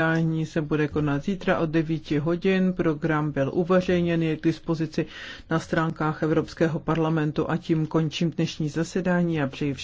Jednání se bude konat zítra od 9 hodin. Program byl uvařejněn, je k dispozici na stránkách Evropského parlamentu a tím končím dnešní zasedání a přeji všem.